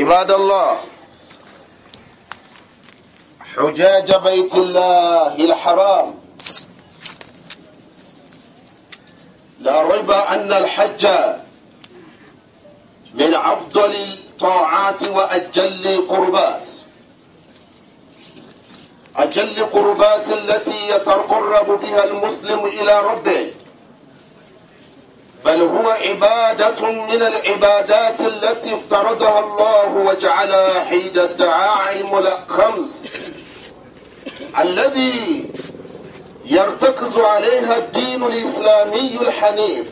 عباد الله حجاج بيت الله الحرام لا ريب أن الحج من أفضل الطاعات وأجل القربات أجل القربات التي يتقرب بها المسلم إلى ربه بل هو عبادة من العبادات التي افترضها الله وجعلها حيد الدعائم الخمس الذي يرتكز عليها الدين الإسلامي الحنيف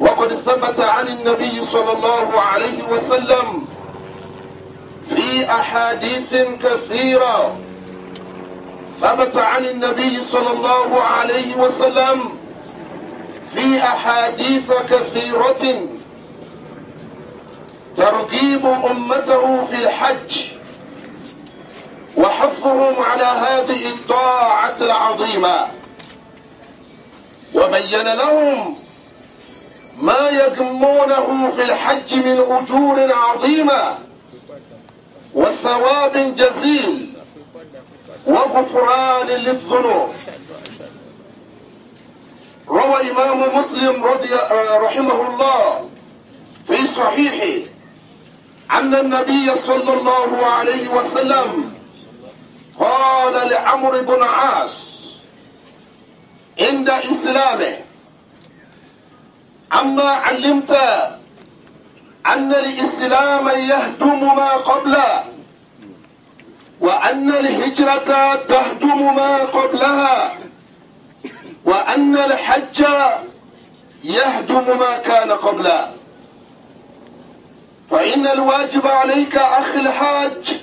وقد ثبت عن النبي صلى الله عليه وسلم في أحاديث كثيرة ثبت عن النبي صلى الله عليه وسلم في أحاديث كثيرة ترغيب أمته في الحج وحثهم على هذه الطاعة العظيمة وبين لهم ما يجمونه في الحج من أجور عظيمة وثواب جزيل وغفران للذنوب روى إمام مسلم رضي آه، رحمه الله في صحيحه أن النبي صلى الله عليه وسلم قال لعمر بن عاص عند إسلامه أما علمت أن الإسلام يهدم ما قبله وأن الهجرة تهدم ما قبلها وأن الحج يهدم ما كان قبله فإن الواجب عليك أخي الحاج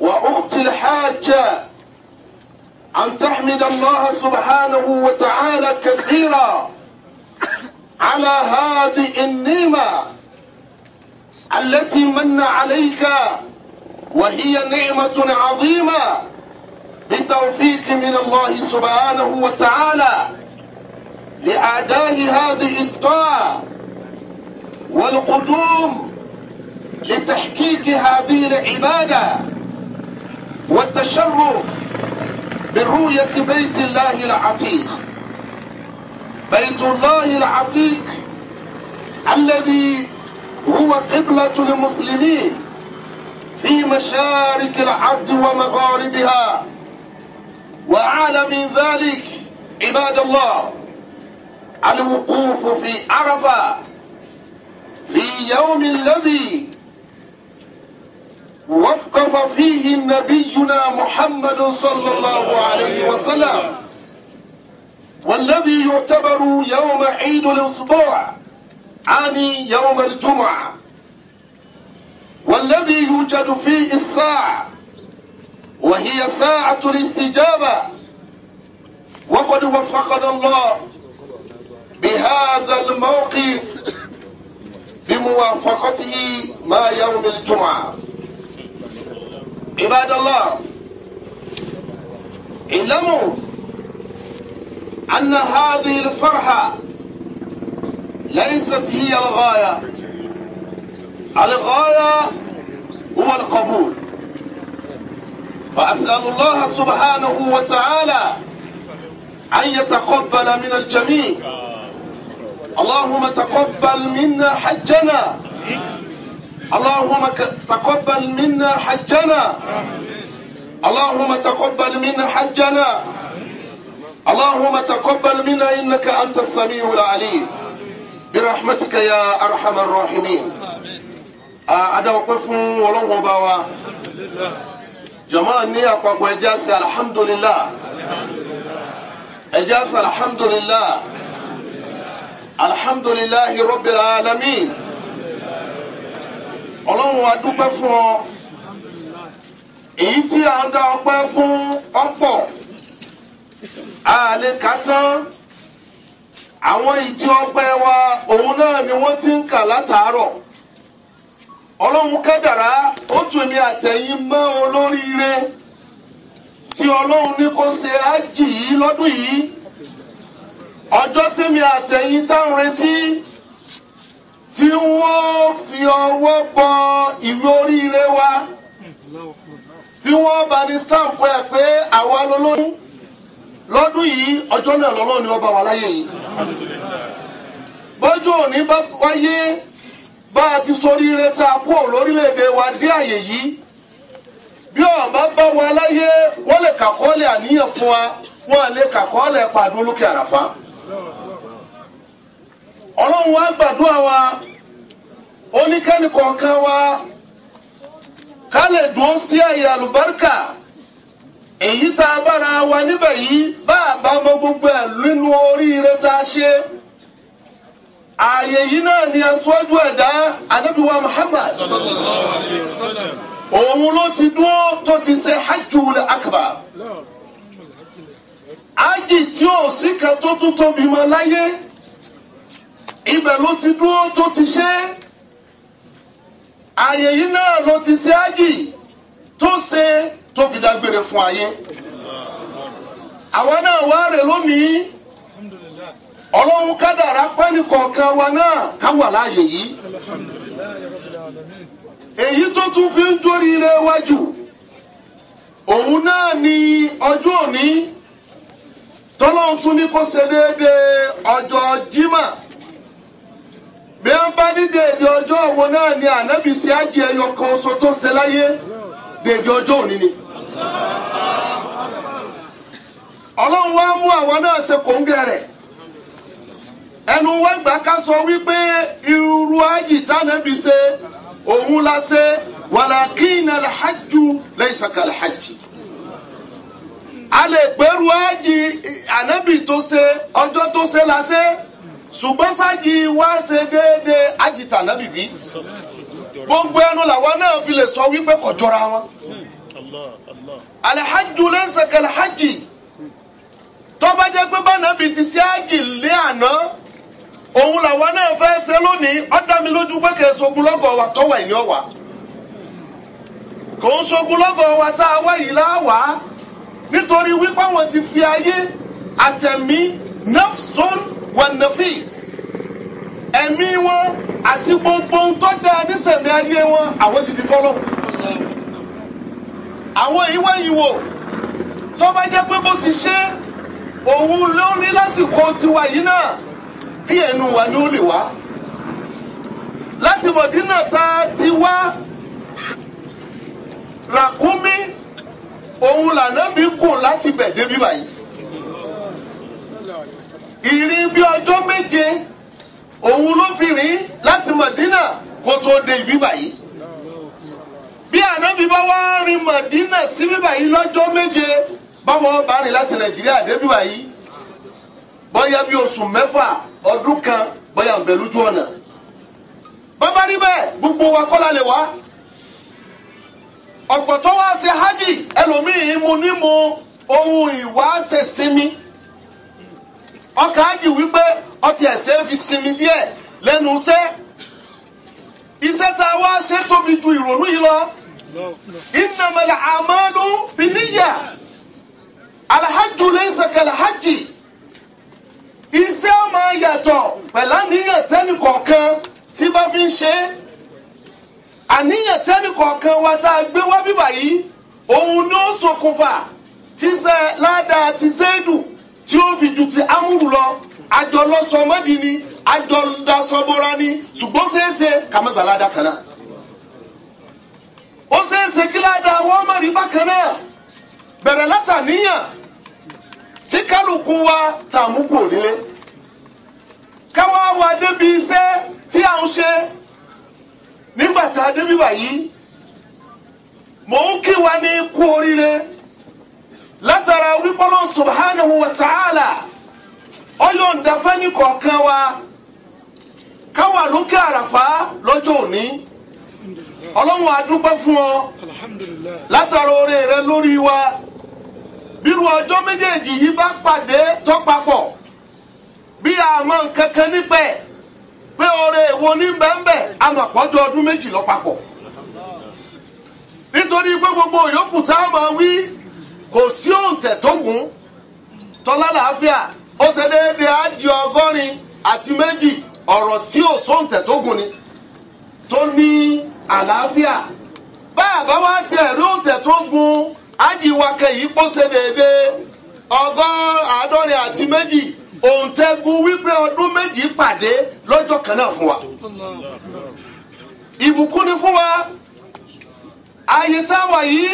وأخت الحاجة أن تحمد الله سبحانه وتعالى كثيرا على هذه النعمة التي من عليك وهي نعمة عظيمة بتوفيق من الله سبحانه وتعالى لأعداء هذه الطاعة والقدوم لتحقيق هذه العبادة والتشرف برؤية بيت الله العتيق بيت الله العتيق الذي هو قبلة المسلمين في مشارق العرض ومغاربها وأعلى من ذلك عباد الله الوقوف في عرفة في يوم الذي وقف فيه نبينا محمد صلى الله عليه وسلم والذي يعتبر يوم عيد الأسبوع عن يوم الجمعة والذي يوجد فيه الساعة وهي ساعة الاستجابة وقد وفقنا الله بهذا الموقف بموافقته ما يوم الجمعة عباد الله اعلموا أن هذه الفرحة ليست هي الغاية الغاية هو القبول فأسأل الله سبحانه وتعالى أن يتقبل من الجميع اللهم تقبل منا حجنا اللهم تقبل منا حجنا اللهم تقبل منا حجنا اللهم تقبل منا إنك أنت السميع العليم برحمتك يا أرحم الراحمين آه، أدعوكم ولو باوا jama ní àpapọ̀ ẹja sí alhamdulillah ẹja sí alhamdulillah alhamdulillah rabbil alamin ọlọ́run wa dúpẹ́ fún ọ èyí tí a ń dá ọpẹ́ fún ọ̀pọ̀ àlè kásán àwọn ìdí ọpẹ́ wa òun náà ni wọ́n ti ń kà látàárọ̀ ọlọ́run kádàrá ó tún mi àtẹ̀yìn mọ́ olóríire tí ọlọ́run ní kó ṣe ájì yìí lọ́dún yìí ọjọ́ tèmi àtẹ̀yìn táwọn retí tí wọ́n fi ọwọ́ bọ ìwé oríire wa tí wọ́n bá ní stamp ẹ̀ pé àwa lọ́lọ́run lọ́dún yìí ọjọ́ náà lọ́lọ́run ni wọ́n bá wà láyé yìí bọ́jú òní bá wáyé. bá a ti soríire tá a kúrò lórílẹ̀ wa dé àyè yìí bí ọba bá wa láyé wọ́n lè kàkọ́ọ́lẹ̀ àníyàn fún wa wọ́n lè kàkọ́ọ́lẹ̀ pàdún lókè àràfá wa gbàdúrà wa oníkẹ́ni kọ̀ọ̀kan wa ká lè dùn sí àyè àlùbáríkà wa níbẹ̀ yìí bá a bá mọ gbogbo ẹ̀ nínú oríire tá ààyè yìí náà ni aṣáájú ẹ̀dá anábìwá Muhammad òun ló ti dúró tó ti ṣe hajjul akbar ájì tí ò sí kan tó tún tóbi mọ́ láyé ibẹ̀ ló ti dúró tó ti ṣe ààyè yìí náà ló ti ṣe ájì tó ṣe tó dágbére fún ayé àwa náà wá rè lónìí. ọlọ́run kádàrá pẹ́ẹ́nì kọ̀ọ̀kan wa náà ká wà láàyè yìí èyí tó tún fi ń jóríire wájú òun náà ni ọjọ́ òní tọ́lọ́run tún ní kó ṣe déédéé ọjọ́ jímà bí wọ́n bá ní dèdè ọjọ́ òwò náà ni ànábì sí ájì ẹyọ kan ẹnu wá gbà ká sọ wípé irú ájì tánàbí ṣe òun la ṣe wàlàkínà alhajju laysa kalhajji. a lè pẹ̀rù ájì ànábì tó ṣe ọjọ́ tó ṣe la ṣe ṣùgbọ́n sájì wá ṣe déédéé ájì tánàbì bí. gbogbo ẹnu làwọn náà fi lè sọ wípé kò jọra wọn. alhajju laysa kalhajji tó bá jẹ́ ti ṣe ájì lé àná òun làwa náà fẹ́ ṣe lónìí ó dá mi lójú pé kì í ṣogun lọ́gọ̀ wa tọ́wà ìní ọ̀wà kò ń ṣogun lọ́gọ̀ wa tá a wá yìí láwà nítorí wípé àwọn ti fi ayé àtẹ̀mí nafsun wa nafis ẹ̀mí wọn àti gbogbo tó dáa nísẹ̀mí ayé wọn àwọn ti fi fọ́lọ́ àwọn ìwé yìí wò tó bá jẹ́ pé bó ti ṣe òun ló ní lásìkò tiwa yìí náà díẹ̀ nu wa ni ó lè wá láti mọ̀dínà tá a ti wá ràkúnmí òun làná fi gùn láti bẹ̀ débi báyìí ìrìn bí ọjọ́ méje òun ló fi rìn láti mọ̀dínà kó tó dé ibi báyìí bí ànábì bá wá rìn mọ̀dínà sí bíbáyìí lọ́jọ́ méje báwọn bá rìn láti nàìjíríà débi báyìí bóyá bí oṣù mẹ́fà ọdún kan bóyá ń bẹ lójú ọ̀nà rí bẹ́ẹ̀ gbogbo wa kọ́ lè wá ohun ìwà ṣe sinmi ọkà hajj wípé ọtí fi sinmi díẹ̀ lẹ́nu iṣẹ́ iṣẹ́ tá a wá ṣe tóbi ju ìrònú yìí lọ innamal alhajj iṣẹ́ ọmọ yàtọ̀ pẹ̀lú àníyàn tẹ́nì kọ̀ọ̀kan tí bá fi ń ṣe é àníyàn tẹ́nì kọ̀ọ̀kan wa tá a gbé wá bíbà yìí òun ni ó ṣokùnfà tíṣẹ́ ládàá ti ṣéèdù tí ó fi ju ti amúrù lọ àjọ lọ́sọmọ́dì ni àjọ dasọ́bọ́ra ni ṣùgbọ́n ṣeéṣe kàmẹ́gbà ládàá kan náà ó ṣeéṣe kí ládàá wọ́n mọ̀ rí bákan náà bẹ̀rẹ̀ látàníyàn tí kálukú wa tààmú kò nílé káwá wa débi iṣẹ́ tí à ń ṣe nígbà tá a mò ń kí wa ní kú oríire látara wípọ́lọ́ subhanahu wa ta'ala ọlọ́ọ̀dà fẹ́ni kọ̀ọ̀kan wa káwà lókè àràfà lọ́jọ́ òní ọlọ́run fún ọ wa. bírú ọjọ́ méjèèjì yìí bá pàdé tọ́papọ̀ bí àmọ́ kankan nípẹ́ pé oore èwo ní bẹ́ẹ̀nbẹ́ amọ̀pọ̀jọ ọdún méjì lọ́papọ̀ nítorí pé gbogbo òyòkù tá a máa wí kò sí òǹtẹ̀ tó gùn tọ́lá làáfíà ó ṣe déédéé ájì ọgọ́rin àti méjì ọ̀rọ̀ tí ò sóǹtẹ̀ tó gùn ni tó ní àlàáfíà bá àbáwá tiẹ̀ rí òǹtẹ̀ tó gùn ájì wa kẹyìn kó ṣe déédéé ọgọ́rùn àádọ́rin àti méjì òǹtẹ̀gùn wípé ọdún méjì pàdé lọ́jọ́ kan náà fún wa ìbùkún ni fún wa ààyè táwa yìí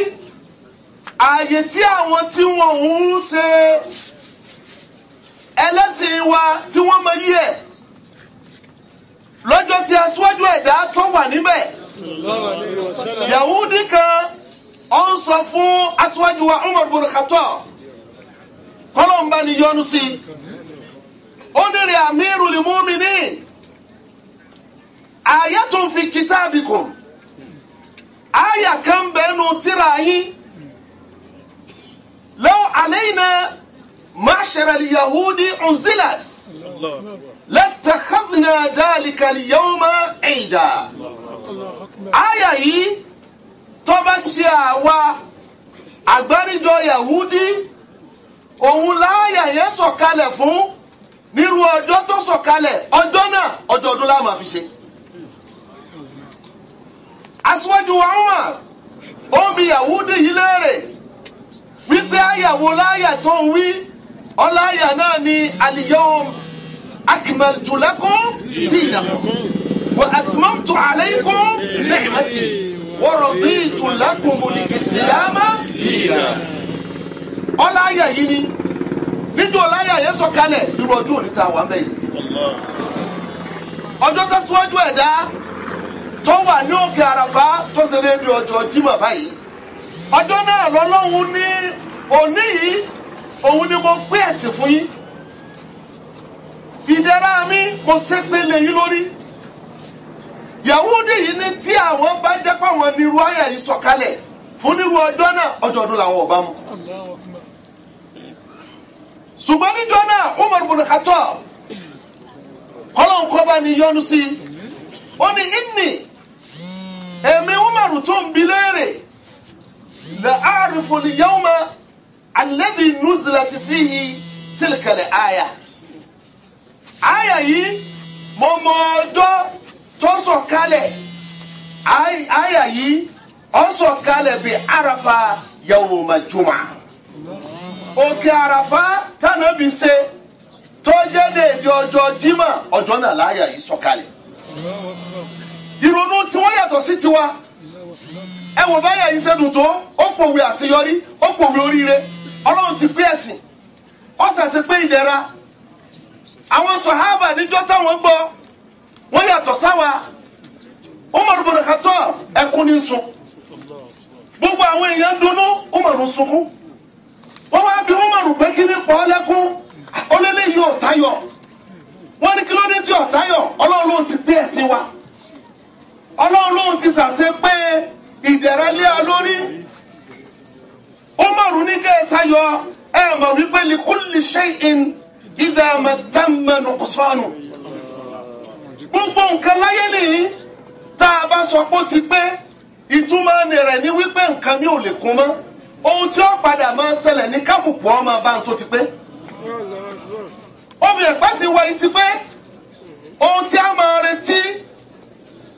ààyè tí àwọn tí wọ́n ń ṣe ẹlẹ́sìn wa tí wọ́n mọ yí ẹ̀ lọ́jọ́ tí aṣíwájú ẹ̀dá tó wà níbẹ̀ Yahudi kan ọ ń sọ fún aṣíwájú wa Umar bin Khattab kọlọmba ni yọ́nú sí ó ní rẹ amirul mu'minin ayatun fi kitabikum aya kan bẹ́ẹ̀ nu tírà yín law alayna ma'shara yahudi unzilat latakhadhna dhalika yawma 'ida aya yìí tó bá ṣe àwa àgbáríjọ yahudi òun láàyà yẹn sọ̀kalẹ̀ fún nírú ọjọ́ tó sọ̀kalẹ̀ ọjọ́ náà ọjọ́ ọdún la máa fi ṣe. aṣíwájú wa Umar ó bi yahudi yìí léèrè wípé àyàwó láàyà tó ń wí ọláyà náà ni al-yawm akmaltu lakum dinakum wa atmamtu waraditu lakumul ìsìlámà dìínà ọláyà yìí ni níjọ́ ọláyà yẹn sọ̀kalẹ̀ irú ọdún òní ta wà ń bẹ̀ yìí ọjọ́ tó síwájú ẹ̀dá tó wà ní òkè àràfá tó ṣe débi ọjọ́ jímọ̀ báyìí ọjọ́ náà lọ́lọ́hún ní òní yìí òun mi mo lórí. Yahudi yìí ní tí àwọn bá jẹ́ pé àwọn nírú àyà yìí sọ̀kalẹ̀ fún nírú ọjọ́ náà ọjọ́ ọdún làwọn ò bá mu. ṣùgbọ́n níjọ́ náà Umar bin Khattab kọ́ba ni yọ́nu sí i ó ní inni èmi Umar tó ń bi léèrè la a'rifu al-yawma alladhi nuzilat fihi tilka al-aya. àyà yìí mo mọ ọjọ́ tó sọ̀kalẹ̀ àyà yìí ó sọ̀kalẹ̀ bí arafa yawma juma òkè arafa tànàbí ṣe tó jẹ́ déédéé ọjọ́ jimá ọjọ́ náà láyà yìí sọ̀kalẹ̀ ìrònú tiwọn yàtọ̀ sí tiwa ẹ wò báyà yìí ṣe dùn tó ó pòwe àṣeyọrí ó pòwe oríire ọlọ́run ti pé ẹ̀sìn ọ̀sẹ̀ ṣe pé ìdẹ̀ra àwọn sọ̀hábà níjọ́ táwọn gbọ́ wọ́n yàtọ̀ sáwa Umar ibn Khattab ẹkún ní sun gbogbo àwọn èèyàn dunnú Umar sunkún wọ́n wá bí Umar pé kí ní lẹ́kún ọlẹ́lẹ́ yìí ọ̀tá yọ wọ́n ni kí ló dé tí ọ̀tá yọ ọlọ́run ti gbé ẹ̀sìn wa ọlọ́run ti sàṣẹ pé ìdẹ̀ra lé a lórí Umar ní kẹ́ mọ̀ wípé gbogbo nǹkan láyé nìyí tá a bá sọ pé ó ti pé ìtumọ̀ rẹ̀ ni wípé nǹkan mi ò lè kún mọ́ ohun tí ó padà máa ń ṣẹlẹ̀ ní kábùkù ọmọ bá ń tó ti pé obìnrin pàṣẹ wọ yìí ti pé ohun tí a máa retí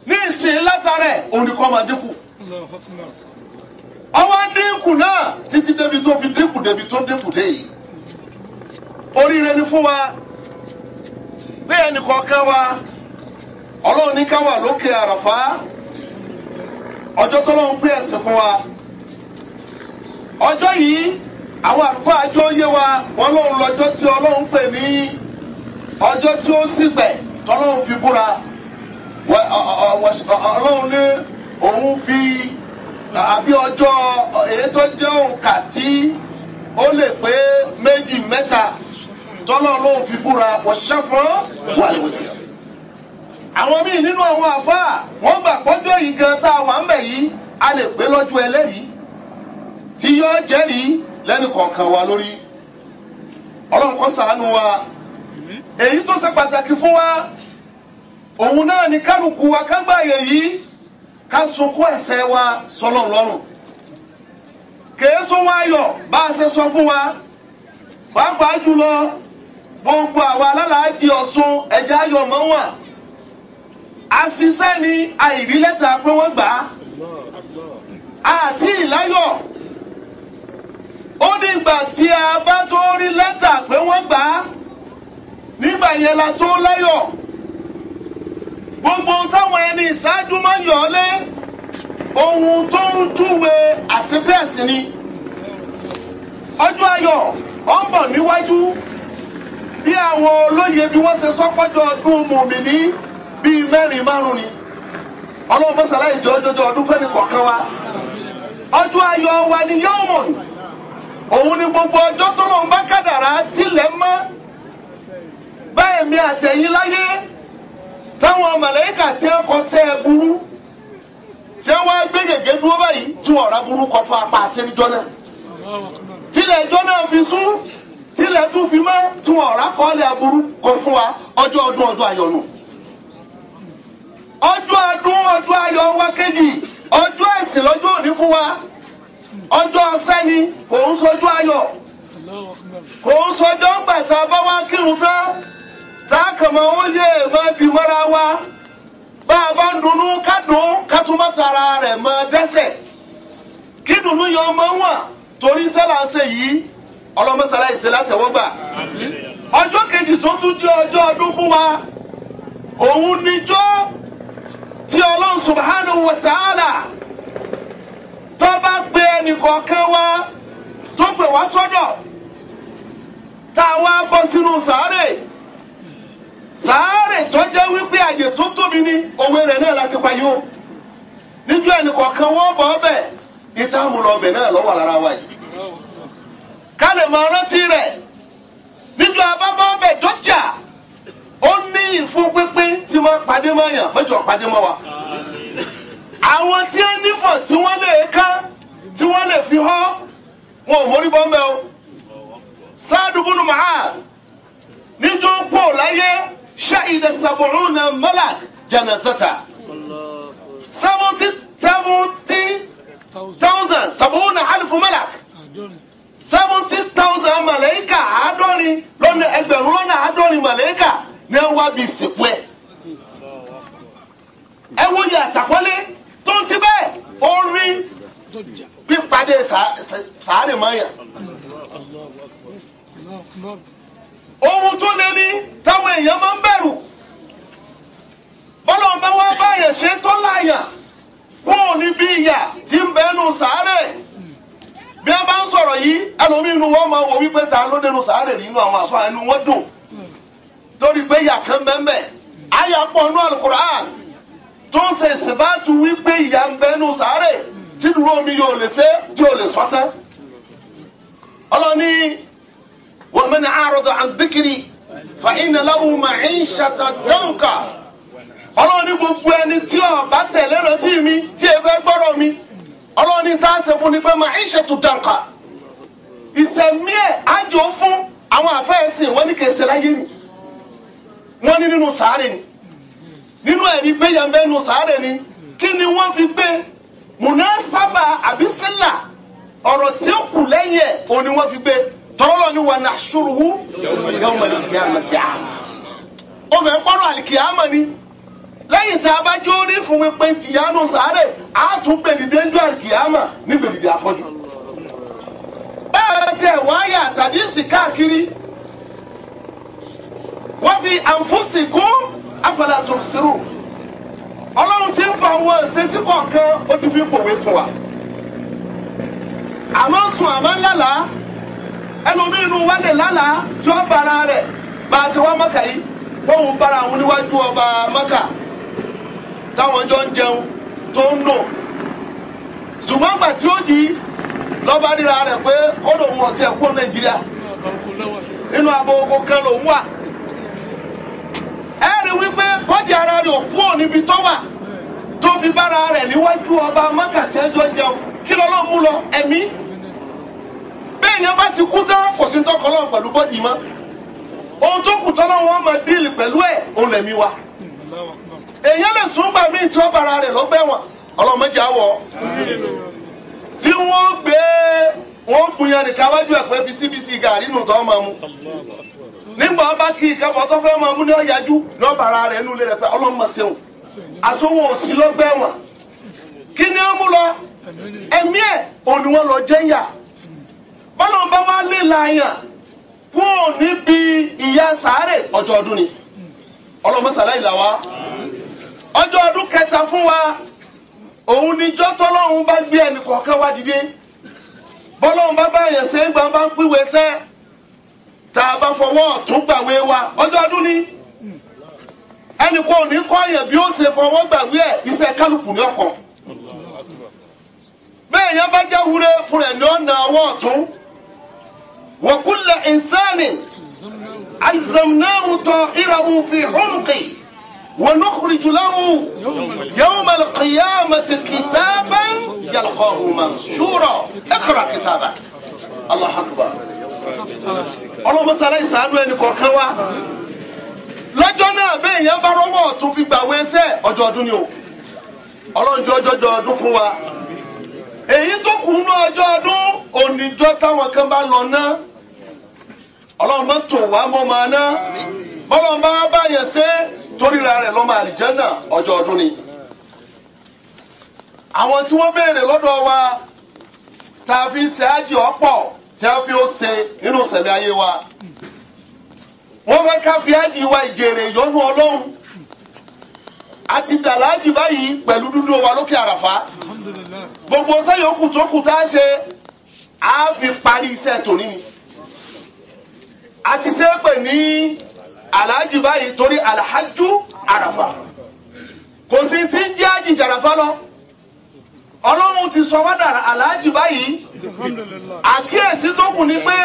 ní ìsìn látara ẹ̀ òun ni kò máa dínkù ọwọ́ dínkù náà títí débi tó fi dínkù débi tó dínkù dé yìí oríire ni fún wa bí ẹnì kọ̀ọ̀kan wa ọlọ́run ní ká wà lókè àràfá ọjọ́ tọ́lọ́run pé ẹ̀sìn fún wa ọjọ́ yìí àwọn àlùfáà àjọ yé wa wọn lóun lọ́jọ́ tí ọlọ́run pè ní ọjọ́ tí ó sì gbẹ̀ tọ́lọ́run fi búra ọlọ́run ní òun fi àbí ọjọ́ èyí tó jẹ́ òǹkà tí ó lè pé méjì mẹ́ta tọ́lọ́run lòun fi búra wọ́n ṣẹ́fọ́ wà lóun àwọn míì nínú àwọn àfáà wọ́n gbà pọ́jọ́ yìí gan tá a wà ń bẹ̀ yìí a lè pé lọ́jọ́ ẹlẹ́rìí tí yọ jẹ́rìí lẹ́nu kọ̀ọ̀kan wa lórí ọlọ́run kó ṣàánú wa èyí tó ṣe pàtàkì fún wa òun náà ni kálukú wa kágbáyé yìí ká sunkún ẹ̀ṣẹ̀ wa sọlọ́run lọ́rùn kèé sún wá yọ bá a ṣe sọ fún wa pàápàá jùlọ gbogbo àwa alálàájì Ọ̀ṣun ẹ̀jẹ̀ ayọ̀ àṣìṣe ni àìrí lẹ́tà pé wọ́n gbà á àti ìláyọ̀ ó dìgbà tí a bá tó rí lẹ́tà pé wọ́n gbà á nígbà yẹn la tó láyọ̀ gbogbo táwọn ẹni ìṣáájú máa yọ̀ ọ́ lé ohun tó ń túwe àṣepẹ́ẹ̀sì ni ọjọ́ ayọ̀ ó ń bọ̀ níwájú bí àwọn olóye bí wọ́n ṣe sọ́pọ́jọ́ ọdún mùmí ní. bíi mẹ́rin márùn ni ọlọ́run mọ́sálá ìjọ ọjọ́jọ́ ọdún fẹ́ni kọ̀ọ̀kan wa ọjọ́ ayọ̀ wa ni yọ́ọ̀mùn òun ni gbogbo ọjọ́ tó lọ́n bá kádàrá tilẹ̀ mọ́ báyìí mi àtẹ̀yìn láyé táwọn tí wọ́n kọ burú tí wọ́n wá gbé gègé kọ fún apá náà tilẹ̀ ìjọ náà fi sún tilẹ̀ tún fi mọ́ tí kọ fún wa ọjọ́ ọdún ọdún ọjọ́ ọdún ọjọ́ ayọ̀ wa kejì ọjọ́ ẹ̀sìn lọ́jọ́ òní fún wa ọjọ́ kò ń sojú ayọ̀ kò ń sojú gbàtà bá wa kírun tán ó lè mọ bí mọ́ra wa bá a bá dunnú ká dùn ká tún rẹ̀ dẹ́sẹ̀ yọ ọmọ torí sẹ́là ṣe yìí ìṣe látẹ̀wọ́gbà ọjọ́ kejì tó tún jẹ́ ọjọ́ ọdún tí ọlọ́run subhanahu wa ta'ala tó bá gbé ẹnìkọ̀ọ̀kan wá tó pè wá sọ́dọ̀ tá a wá bọ́ sínú sàárè sàárè tó jẹ́ wípé àyè tó tóbi ní òwe rẹ̀ náà láti pa yó níjú ẹnìkọ̀ọ̀kan wọ́n bọ̀ ọbẹ̀ ìtààmù lọ́bẹ̀ náà lọ́wọ́ lára wa yìí ká lè máa rántí rẹ̀ níjú abábọ́ ọbẹ̀ dọ́jà ó ní ìfún pínpín tí wọ́n pàdé mọ́ yàn mọ́jọ́ pàdé mọ́ wa. àwọn tí ó nífọ̀ tí wọ́n lè ká tí wọ́n lè fi họ́ wọn ò mórí mẹ́ o. sáàdù bùnú mahad níjó pò láyé ṣáìdẹ sàbùrún na malak janazata seventy seventy thousand sàbùrún na alifu malak seventy thousand malayika bí ìsìnkú ẹ̀ ẹ wo yẹ àtàkọ́lé tó ń ti bẹ́ẹ̀ ó rí pípadé sàárè mọ́yà ohun tó lé ní táwọn èèyàn máa ń bẹ̀rù bọ́lá ọ̀bẹ wá báyẹn ṣe tó láàyàn wọn ò ní bí ìyà tí ń bẹ́ẹ̀ nù sàárè bí wọ́n bá ń sọ̀rọ̀ yìí ẹlòmínú wọn máa wọ wípé ta ló dénú sàárè nínú àwọn àfáà ẹnu wọn dùn torí pé ìyà kan bẹ́ẹ̀ àyà pọ̀ nú alukur'an tó ń ṣe ìsìnbátu wípé ìyà ń bẹ nú sáré tí dúró omi yóò lè ṣe yóò lè sọ́tẹ́ ọlọ́ni wọ́n mẹ́ni àròdà àǹdíkiri fa iná láwùú mà ń ṣàtà dánkà ọlọ́ni gbogbo ẹni tí ó bá tẹ̀lé rántí mi tí ẹ fẹ́ gbọ́rọ̀ mi ọlọ́ni tá a ṣe fún ni pé mà ń ṣètò dánkà ìsẹ̀mí ẹ̀ ájò fún àwọn àfẹ́ ẹ̀sìn wọ́n ní kẹsẹ̀ láyé mi ní nínú sàárè ni nínú ẹ̀rí pé yẹn nínú sàárè ni kí ni wọ́n fi gbé munasaba àbí sílà ọ̀rọ̀ tí ó kù lẹ́yìn ẹ̀ òun ni wọ́n fi gbé tọ́lọ́lọ́ ni wà nahshuruhu yawmal qiyamati àmà ọmọ ẹ̀ gbọ́dọ̀ àlìkìyàmà ni lẹ́yìn tí a bá jó rí fún wípé tìyánu sàárè á tún gbèdìdé ń jọ àlìkìyàmà ní gbèdìdé àfọ́jú bẹ́ẹ̀ tí ẹ̀ wáyà tàbí fi wa fi anfusikum afala tubsirun ọlọ́run ti ń fa àwọn ìṣesí kọ̀ọ̀kan ó ti fi pòwe fún wa àmọ́ sùn àmọ́ ńlá ẹlòmíì inú wa lè lálàá tí ó bara rẹ̀ bá a ṣe wá mọ́kà yìí fóun bara àwọn oníwájú ọba mọ́kà táwọn jọ ń jẹun tó ń nù ṣùgbọ́n àgbà tí ó yí lọ́ba ríra rẹ̀ pé ó lòun ọ̀tí ẹ̀kọ́ nàìjíríà nínú abọ́ oko kan lòun wà. kúrò níbi tó wà tó fi bára rẹ̀ níwájú ọba mọ́kàtí ẹjọ́ jẹun kí lọ́lọ́ mú lọ ẹ̀mí bẹ́ẹ̀ ni ọba ti kú tán kò sí tọkọ lọ́wọ́ pẹ̀lú bọ́dì mọ́ ohun tó kù tán lọ́wọ́ máa díìlì pẹ̀lú ẹ̀ òun lẹ̀mí wa èèyàn lè sún gbà míì tí ó bára rẹ̀ lọ́gbẹ̀wọ̀n ọlọ́mọdé àwọ̀ tí wọ́n gbé wọ́n gbìyànjú káwájú ẹ̀ pé fi síbísì gàrí nù tó máa mu. nígbà ọba kí ìkẹfọ tó fẹ́ máa mú ní ọ̀yájú lọ́bàrà rẹ̀ nílé rẹ̀ pé ọlọ́mọ ṣeun àsomọ́ òsì lọ́gbẹ́ wọn kí ni ó mú lọ ẹ̀mí ẹ̀ òun ni wọ́n lọ jẹ́yà bọ́lá bá wá lè yàn bi ìyá sàárè ọdún ni sàlàyé là kẹta fún tá a bá fọwọ́ ọ̀tún gbàwé wa ọjọ́ ọdún ni ẹnì kan ò ní kọ́ yẹn bí ó ṣe fọwọ́ gbàwé ẹ̀ iṣẹ́ kálukú ní ọkọ̀ bẹ́ẹ̀ yẹn bá jẹ́ wúre fún ẹ̀ ní ọ̀nà ọwọ́ ọ̀tún wa kulla insani alzamnahu ta'irahu fi hulqi wa nukhriju lahu yawma al-qiyamati kitaban yalqahu manshura iqra kitaba Allahu ọlọ́mọsálá ìsàánú ẹnì kọ̀ọ̀kan wa lọ́jọ́ náà bẹ́ẹ̀ yẹn bá rọ́wọ́ ọ̀tún fi gbà wẹ́sẹ̀ ọjọ́ ọdún ni o ọlọ́njọ́ ọjọ́ ọdún fún wa èyí tó kù ní ọjọ́ ọdún oníjọ́ táwọn kan bá lọ ná ọlọ́run bá tò wá mọ́ máa ná bọ́lọ́run bá bá yẹn ṣe toríra rẹ̀ lọ́mọ àlìjẹ́nà ọjọ́ ọdún ni àwọn tí wọ́n béèrè lọ́dọ̀ wa tá a fi ń ṣe ájì ọ̀pọ̀ tí a fi ó ṣe nínú sẹ̀mí ayé wa wọ́n fẹ́ ká fi ájì wa ìjèrè ìyọ́nú ọlọ́run àti dàlájì báyìí pẹ̀lú dúdú wa lókè àràfá gbogbo sẹ́yìn okùn tó kù tá a ṣe a fi parí iṣẹ́ tòní ni àti sẹ́pẹ̀ ní aláàjì báyìí torí alhajju àràfá kò sí ti ń jẹ́ àjì jàràfá lọ ọlọ́run ti sọ wádà aláàjì báyìí àkíyèsí tó kù ni pé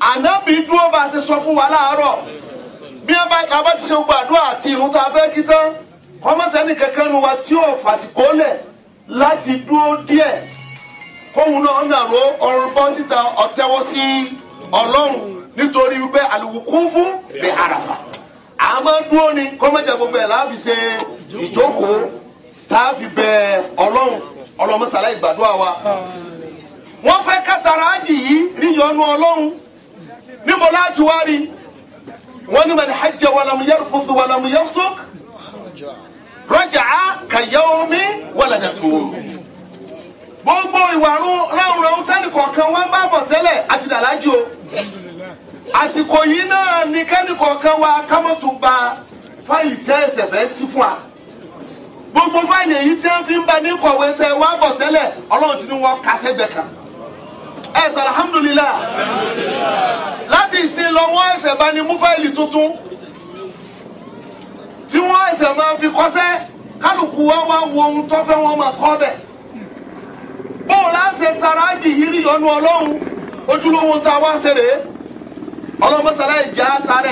ànábì dúró bá a ṣe sọ fún wa láàárọ̀ bí wọn bá ti ṣe gbogbo àdúrà àti ìrun tá a fẹ́ kí tán kọ́mọ́sẹ́ ní kankan nu wa tí yóò fàsìkò lẹ̀ láti dúró díẹ̀ kóhun náà nàró ọrùn bọ́ síta ọ̀tẹ́wọ́ sí ọlọ́run nítorí wípé àlùkù fún bẹ́ẹ̀ àràfà àmọ́ dúró ni kọ́mọ́jà gbogbo ẹ̀ láàbì ṣe ìjókòó tá a fi bẹ ọlọ́run ọlọ́mọsàlá ìgbàdúrà wa. wọ́n fẹ́ kátàrà ájì yìí ríyọnu ọlọ́run níbo láti wá rí wọ́n ní man hajja walam yarfuth walam yafsuq raja'a ka yawmi waladatuhu. gbogbo ìwà ráhùnráhùn tẹ́lẹ̀ kọ̀ọ̀kan wọ́n bá bọ̀ tẹ́lẹ̀ àti dàlájì o àsìkò yìí náà ní kẹ́nìkọ̀ọ̀kan wa kámọ́tún ba fáìlì tẹ́ ẹsẹ̀ fẹ́ sí fún wa. gbogbo fáìlì èyí tí wọ́n fi ń bá ní kọ̀wé ṣe wá bọ̀ tẹ́lẹ̀ ọlọ́run ti ní ẹ sọ alhamdulilah láti ìsìn lọ nwa ẹsẹ̀ bá ní mú fáìlì tuntun tí wọ́n ẹsẹ̀ máa fi kọ́sẹ́ kálukú wa wá wo ohun tó fẹ́ wọn máa kọ́ bẹ̀ bóun láṣẹ ọnu ọlọ́run ojúlówó tara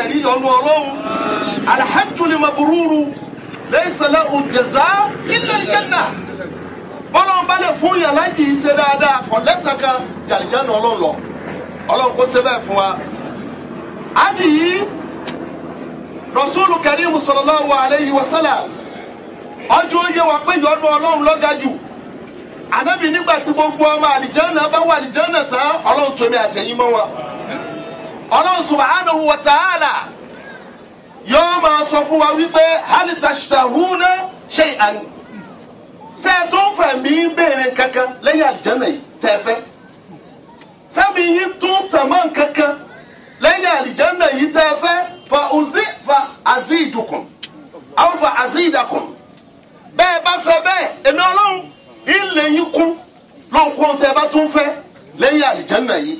ẹ̀rí ọnu ọlọ́run lẹ́sẹ̀lá òjẹ̀zá ilẹ̀ ìjẹ́nà bọ́lọ́n bá lè fún yàrá jì í ṣe dáadáa kọ̀ lẹ́sẹ̀ kan jàlìjánà ọlọ́run lọ ọlọ́run kó ṣe bẹ́ẹ̀ fún wa. ájì yìí rasulu karim sallallahu alayhi wa sallam ọjọ́ oyè wa pé yọdún ọlọ́run lọ́ga jù ànábì nígbà tí gbogbo ọmọ àlìjánà bá wà àlìjánà tán ọlọ́run tó mi àtẹ̀yìn mọ́ wọn ọlọ́run subhanahu wa ta'ala yóò máa sọ fún wa wípé halitashitahuna ṣe àn ṣe tó ń fẹ́ mi béèrè kankan lẹ́yìn àlìjánà yìí tẹ́fẹ́ sẹ́mi yìí tún tẹ̀mọ́ kankan lẹ́yìn àlìjánà yìí tẹ́fẹ́ fa uzi fa azidukum aw fa azidakum bẹ́ẹ̀ bá fẹ́ bẹ́ẹ̀ èmi ọlọ́run ilé yín kún lóńkún tẹ́ bá tún fẹ́ lẹ́yìn àlìjánà yìí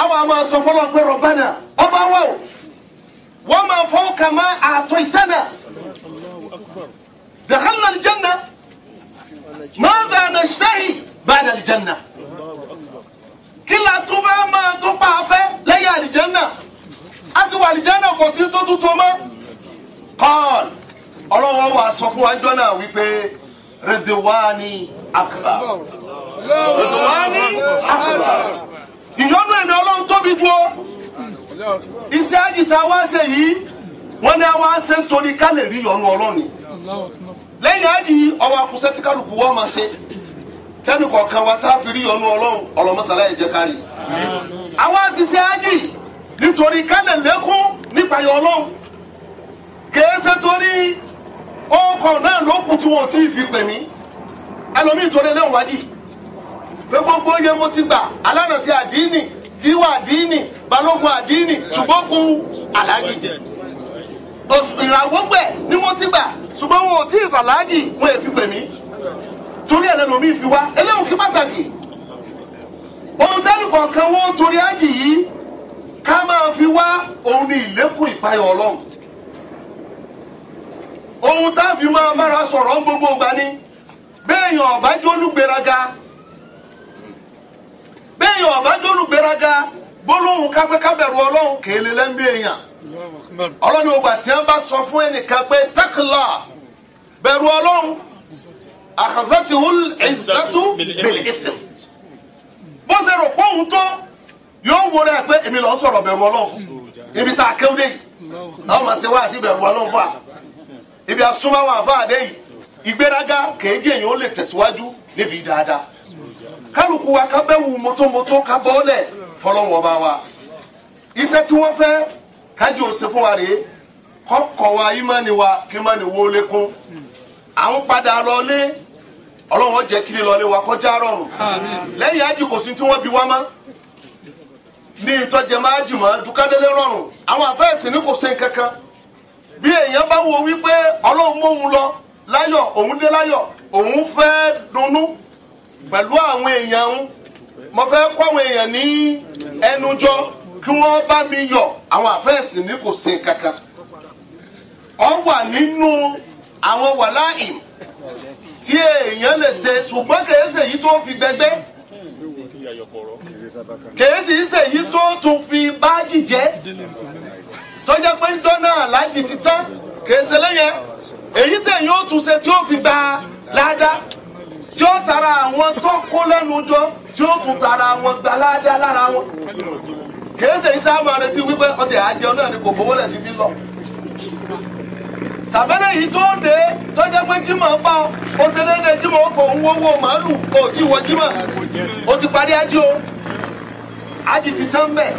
àwọn àmọ́ sọ fọlọ́ pé rọ̀bánà ọba wà o. ومن فوق ما أعطيتنا دخلنا الجنة ماذا نشتهي بعد الجنة kila tó fẹ́ máa tó pa afẹ́ lẹ́yìn àlìjẹ́nà á ti wà àlìjẹ́nà kò sí tó tún tó mọ́. kọ́ọ̀lù ọlọ́wọ́ wa sọ fún wa jọ́nà wípé rẹ̀dẹ̀wáni àkùbà rẹ̀dẹ̀wáni àkùbà ìyọ́nú ẹ̀mí ọlọ́run tóbi dúró iṣẹ́ àjìtá wá ṣe yìí wọ́n ní àwọn àṣẹ nítorí ká lè rí ìyọ́nú ọlọ́ni lẹ́yìn àjì ọwọ́ àkùsẹ́ tí kálukú wọ́n máa ṣe tẹ́nu kọ̀ọ̀kan wa tá a fi rí ìyọ́nú ọlọ́run ọlọ́mọṣálá ìjẹ́ kárí àwọn àṣìṣe àjì nítorí ká lè lékún nípa ìyọ́ ọlọ́run kèé ṣe torí ọkọ̀ náà ló kù tí wọn ò fi pè mí ẹlòmíì torí ẹlẹ́wọ̀n wájì pé gbogbo oyè mo ti gbà alárànṣe àdínì ìwà àdínì balógun àdínì ṣùgbọ́n kú aláàjì ìràwọ̀ pẹ̀ ni wọ́n ti gbà ṣùgbọ́n wọn ò tí ì fàláàjì wọn èfi pè mí torí ẹ̀rẹ́ lomi fi wá eléyìí kí pàtàkì ohun tẹ́lẹ̀ kọ̀ọ̀kan wọn torí àjì yìí ká máa fi wá òun ni ìlékún ìpayọ̀ ọlọ́run ohun tá a fi máa bára sọ̀rọ̀ gbogbo gbani bẹ́ẹ̀ yàn ọ̀bájú olúgbéraga gangan gbólóhùn kápẹ́ kábẹ̀rù ọlọ́run kéèlè lẹ́ńbí èèyàn ọlọ́run ògbà tí wọ́n bá sọ fún ẹnìkan pé tẹ́kìlá bẹ̀rù ọlọ́run àkàtúntìhún ìṣẹ́tù bìlìkìtì bó ṣe rò pọ́hùn tó yóò wo rẹ̀ pé èmi lọ́ọ́ sọ̀rọ̀ bẹ̀rù ọlọ́run ibi tá a kéwdé àwọn máa ṣe wáàsí bẹ̀rù ọlọ́run fà ibi asúnmáwá àfáàdé yìí ìgbéraga kéèjì èèyàn ó lè tẹ̀síwájú níbi dáadáa kálukú wa ká bẹ́wù mọ́tòmọ́tò ká bọ́ọ̀lẹ̀ fọlọ́wọ́ bá wa iṣẹ́ tí wọ́n fẹ́ kájí òsè fún wa rèé kọ́kọ́ wa ìmánì wa kí ìmánì wo àwọn padà lọlé ọlọ́run jẹ́ kí lọlé wa kọjá rọrùn lẹ́yìn ájì kò sí tí wọ́n bi wá má ní rọrùn lọ òun dé òun dunnú mo fẹ́ kọ́ àwọn èèyàn ní ẹnujọ kí wọ́n bá mi yọ àwọn àfẹ́sì ní kò sí kankan ọ wà nínú àwọn wàláìm tí èèyàn lè ṣe ṣùgbọ́n kèése yìí tó fi gbẹgbẹ́ kèése yìí tó tún fi báàjì jẹ́ tọ́jà pé ń dọ́nà láàjì ti tán kèése lẹ́yìn èyí tẹ̀yìn ó tún ṣe tí ó fi gba ládàá tí ó tara àwọn tó kó lẹ́nu jọ tí ó tún tara àwọn gbaládá lára wọn. kìí ṣe ìsáàmù àrètí wípé ọtí àjẹun náà ni kò fowó lẹ̀ ti fi lọ. tàbẹ́lẹ̀ yìí tó dé tó jẹ́ pé jímọ̀ pa ọ́ ó ṣe déédéé jímọ̀ ó kò ń wówó màálù kò tí wọ jímọ̀ ó ti parí ájí o ájí ti tán bẹ́ẹ̀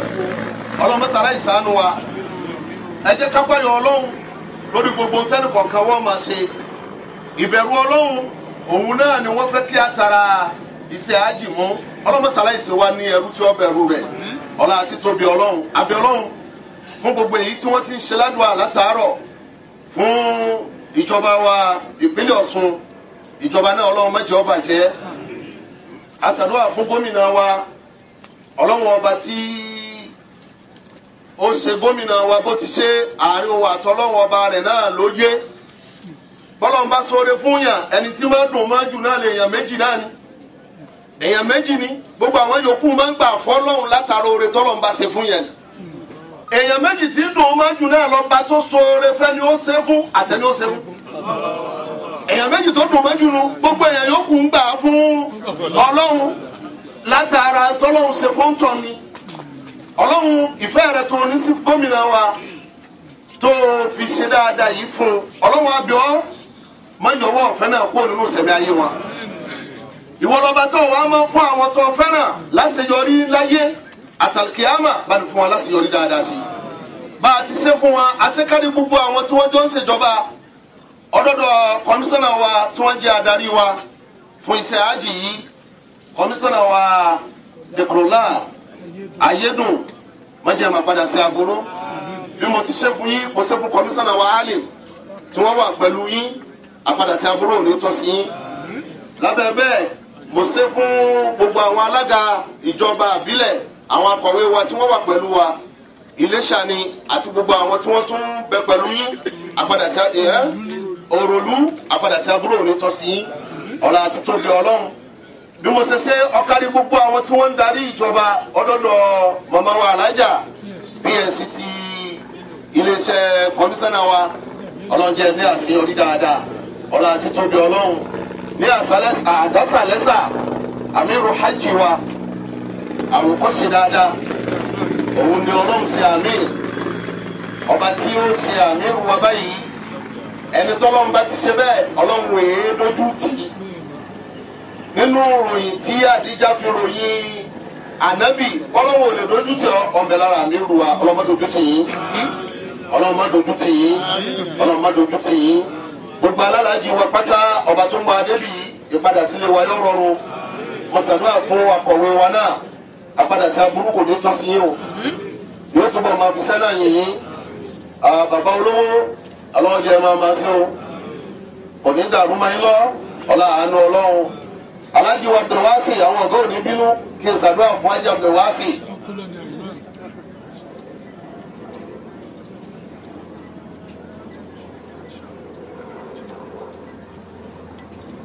ọlọ́mọsàlá ìsànú wa ẹ jẹ́ kápá yọ ọlọ́run lórí gbogbo tẹ́nìkọ̀ọ̀kan wọ́n máa ṣe ìbẹ̀rù ọlọ́run òun náà ni wọ́n fẹ́ kí a tara iṣẹ́ àjì mú ọlọ́mọsàlá wa ní ẹrú tí ó bẹ̀rù rẹ̀ ọlá àti tóbi ọlọ́run àbí ọlọ́run fún gbogbo èyí tí wọ́n ti ń ṣe ládùá látàárọ̀ fún ìjọba wa ìpínlẹ̀ ọ̀ṣun ìjọba náà ọlọ́run má jẹ́ ó àṣàdúrà fún gómìnà wa ọlọ́run ọba tí ó ṣe gómìnà wa bó ti ṣe àárín òun àtọ́lọ́run ọba rẹ̀ náà ló bọ́lọ́n bá sọ̀rọ̀ fún yàn ẹni tí wọ́n dùn máa jù náà lè èèyàn méjì náà ni èèyàn méjì ni gbogbo àwọn yòókù máa ń gbà fọ́lọ́hún látara oore tọ́lọ́n bá ṣe fún yàn ni èèyàn méjì tí ń dùn máa jù náà lọ́ba tó sọ̀rọ̀ fẹ́ ni ó ṣe fún àtẹni ó ṣe fún èèyàn méjì tó dùn máa jù nu gbogbo èèyàn yòókù ń gbà fún ọlọ́hun látara tọ́lọ́hun ṣe fún tọ́ ni ọlọ́hun ìfẹ́ rẹ̀ tó ní sí wa tó fi ṣe dáadáa yìí fún má yọwọ́ ọ̀fẹ́ náà kó nínú sẹ̀mí ayé wọn. ìwọlọba tó wàá máa fún àwọn tó fẹ́ràn láṣeyọrí láyé àtàlùkìyàmà bá ní fún wọn láṣeyọrí dáadáa sí i. bá a ti ṣe fún wọn aṣẹ́kárí gbogbo àwọn tí wọ́n jọ ń ṣèjọba ọ̀dọ́dọ̀ kọmíṣánná wa tí wọ́n jẹ́ adarí wa fún iṣẹ́ àjì yìí kọmíṣánná wa dekrola, ayédùn mọ̀jẹ̀ máa padà sí aburú bí mo ti ṣe fún yín mo ṣe fún kọmíṣánná wa alim tí wọ́n wà pẹ̀lú yín àpadà sí aburú òní tọ́ sí yín lábẹ́ bẹ́ẹ̀ mo ṣe fún gbogbo àwọn alága ìjọba àbílẹ̀ àwọn akọ̀wé wa tí wọ́n wà pẹ̀lú wa Iléṣà ni àti gbogbo àwọn tí wọ́n tún bẹ pẹ̀lú yín àpadà sí ẹ̀ òròlú àpadà sí aburú òní tọ́ sí yín ọ̀la àti tóbi ọlọ́run bí mo ṣe ṣe ọ̀kárí gbogbo àwọn tí wọ́n ń darí ìjọba ọdọ́dọ̀ màmá wa alájà bnc ti iléeṣẹ́ kọmíṣánná wa ọlọ́njẹ́ ní àṣeyọrí dáadáa ọlá títóbi ọlọ́run ní àdásàlẹ́sà àmírù hajj wa àwòkọ́ṣe dáadáa òun ni ọlọ́run ṣe àmín ọba tí ó ṣe àmírù wa báyìí ẹni tọ́lọ́run bá ti ṣe bẹ́ẹ̀ ọlọ́run èé dojú tì í nínú ròyìn tí àdíjà fi ròyìn ànábì ọlọ́run ò lè dojú tì ọ ọ̀nbẹ lára àmírù wa ọlọ́mọdé ojú tì yín ọlọ́mọdé ojú tì yín ọlọ́mọdé ojú tì yín gbogbo alálàájì wa pátá ọba tó ń bọ adébí ìpadà sílé wa yóò rọrùn mọ̀sánúà fún akọ̀wé wa náà àpadà sí aburú kò ní tọ́ sí yín o yóò túbọ̀ máa fi sẹ́nà yìnyín bàbá olówó alọ́jẹ́ máa máa ṣe o kò dàrú máa ń lọ ọ̀la àánú ọlọ́run aláàjì wa Abdul Wasi àwọn ọ̀gá òní bínú kí n ṣàdúrà fún ajá Abdul Wasi.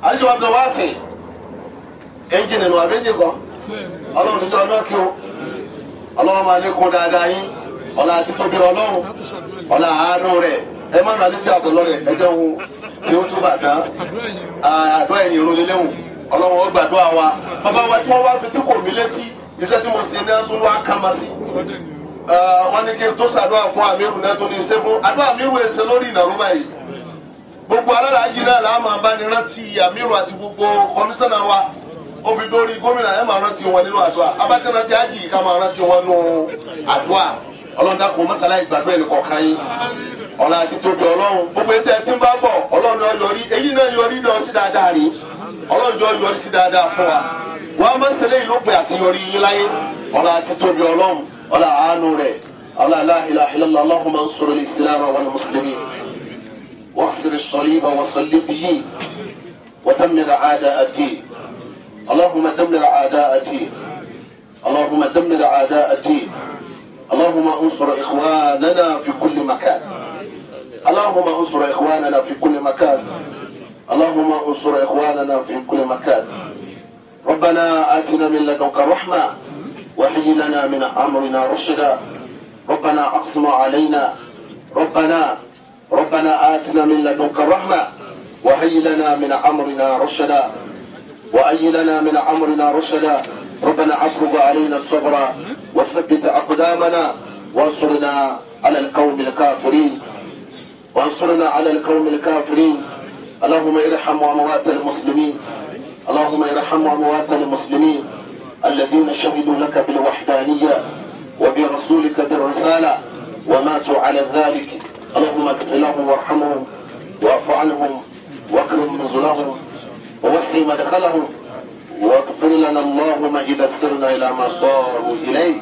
àjọ ọdún wá sí ẹnjìnì nù ọ kan ọlọ́run níjọ́ ọlọ́kí o ọlọ́run máa lékún dáadáa yín ọ̀la àti tóbi ọlọ́run ọ̀la àánú rẹ̀ ẹ má nà létí àtọ̀ lọ́rẹ̀ ẹjọ́ wo tí ó túbà tán àdó ẹ̀yìn ìrólélẹ́wọ̀n ọlọ́run ó gbàdúrà wa bàbá wa tí wá fi tí kò mí létí tí mo ṣe wá sí ní kí n tó fún náà tó ní ṣe fún àdúrà lórí ìnàrúbà yìí gbogbo alálàájì náà aji á ama bá ní rántí àmírù àti gbogbo kọmísánná wa ó gomina dórí gómìnà ẹ máa rántí wọn nínú àdúrà abájá rántí ájì ká máa rántí wọn nínú àdúrà ọlọ́dà kò mọ́sálá ìgbàdúrà ẹnì kọ̀ọ̀kan yín ọ̀la àti tóbi ọlọ́run gbogbo ètò ẹ̀ tí ń bá bọ̀ ọlọ́run yọ yọrí èyí náà yọrí lọ sí dáadáa rí ọlọ́run yọrí sí dáadáa fún wa wọn a máa ṣẹlẹ̀ ìlú pé àṣeyọrí yín láyé ọ̀la àti tóbi ọlọ́run ọ̀la àánú rẹ̀ ọ̀la aláhìláhìlá Allahumma ansur al واغسل الصليب وصلي به ودمر اعداء اللهم دمر اعداء اللهم دمر اعداء اللهم انصر اخواننا في كل مكان اللهم انصر اخواننا في كل مكان اللهم انصر اخواننا في كل مكان ربنا اتنا من لدنك رحمه وهي لنا من امرنا رشدا ربنا اقسم علينا ربنا ربنا آتنا من لدنك الرحمة وهي لنا من أمرنا رشدا وأي لنا من أمرنا رشدا ربنا أصرف علينا الصبر وثبت أقدامنا وانصرنا على القوم الكافرين وانصرنا على القوم الكافرين اللهم ارحم أموات المسلمين اللهم ارحم أموات المسلمين الذين شهدوا لك بالوحدانية وبرسولك بالرسالة وماتوا على ذلك اللهم اغفر لهم وارحمهم واعف عنهم واكرم نزلهم ووسع مدخلهم واغفر لنا اللهم اذا سرنا الى ما صاروا اليه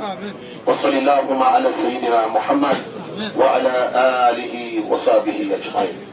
وصل اللهم على سيدنا محمد وعلى اله وصحبه اجمعين